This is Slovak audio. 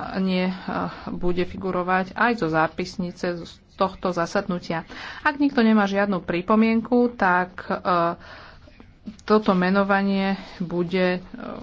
hlasovanie eh, bude figurovať aj zo zápisnice z tohto zasadnutia. Ak nikto nemá žiadnu pripomienku, tak eh, toto menovanie bude eh,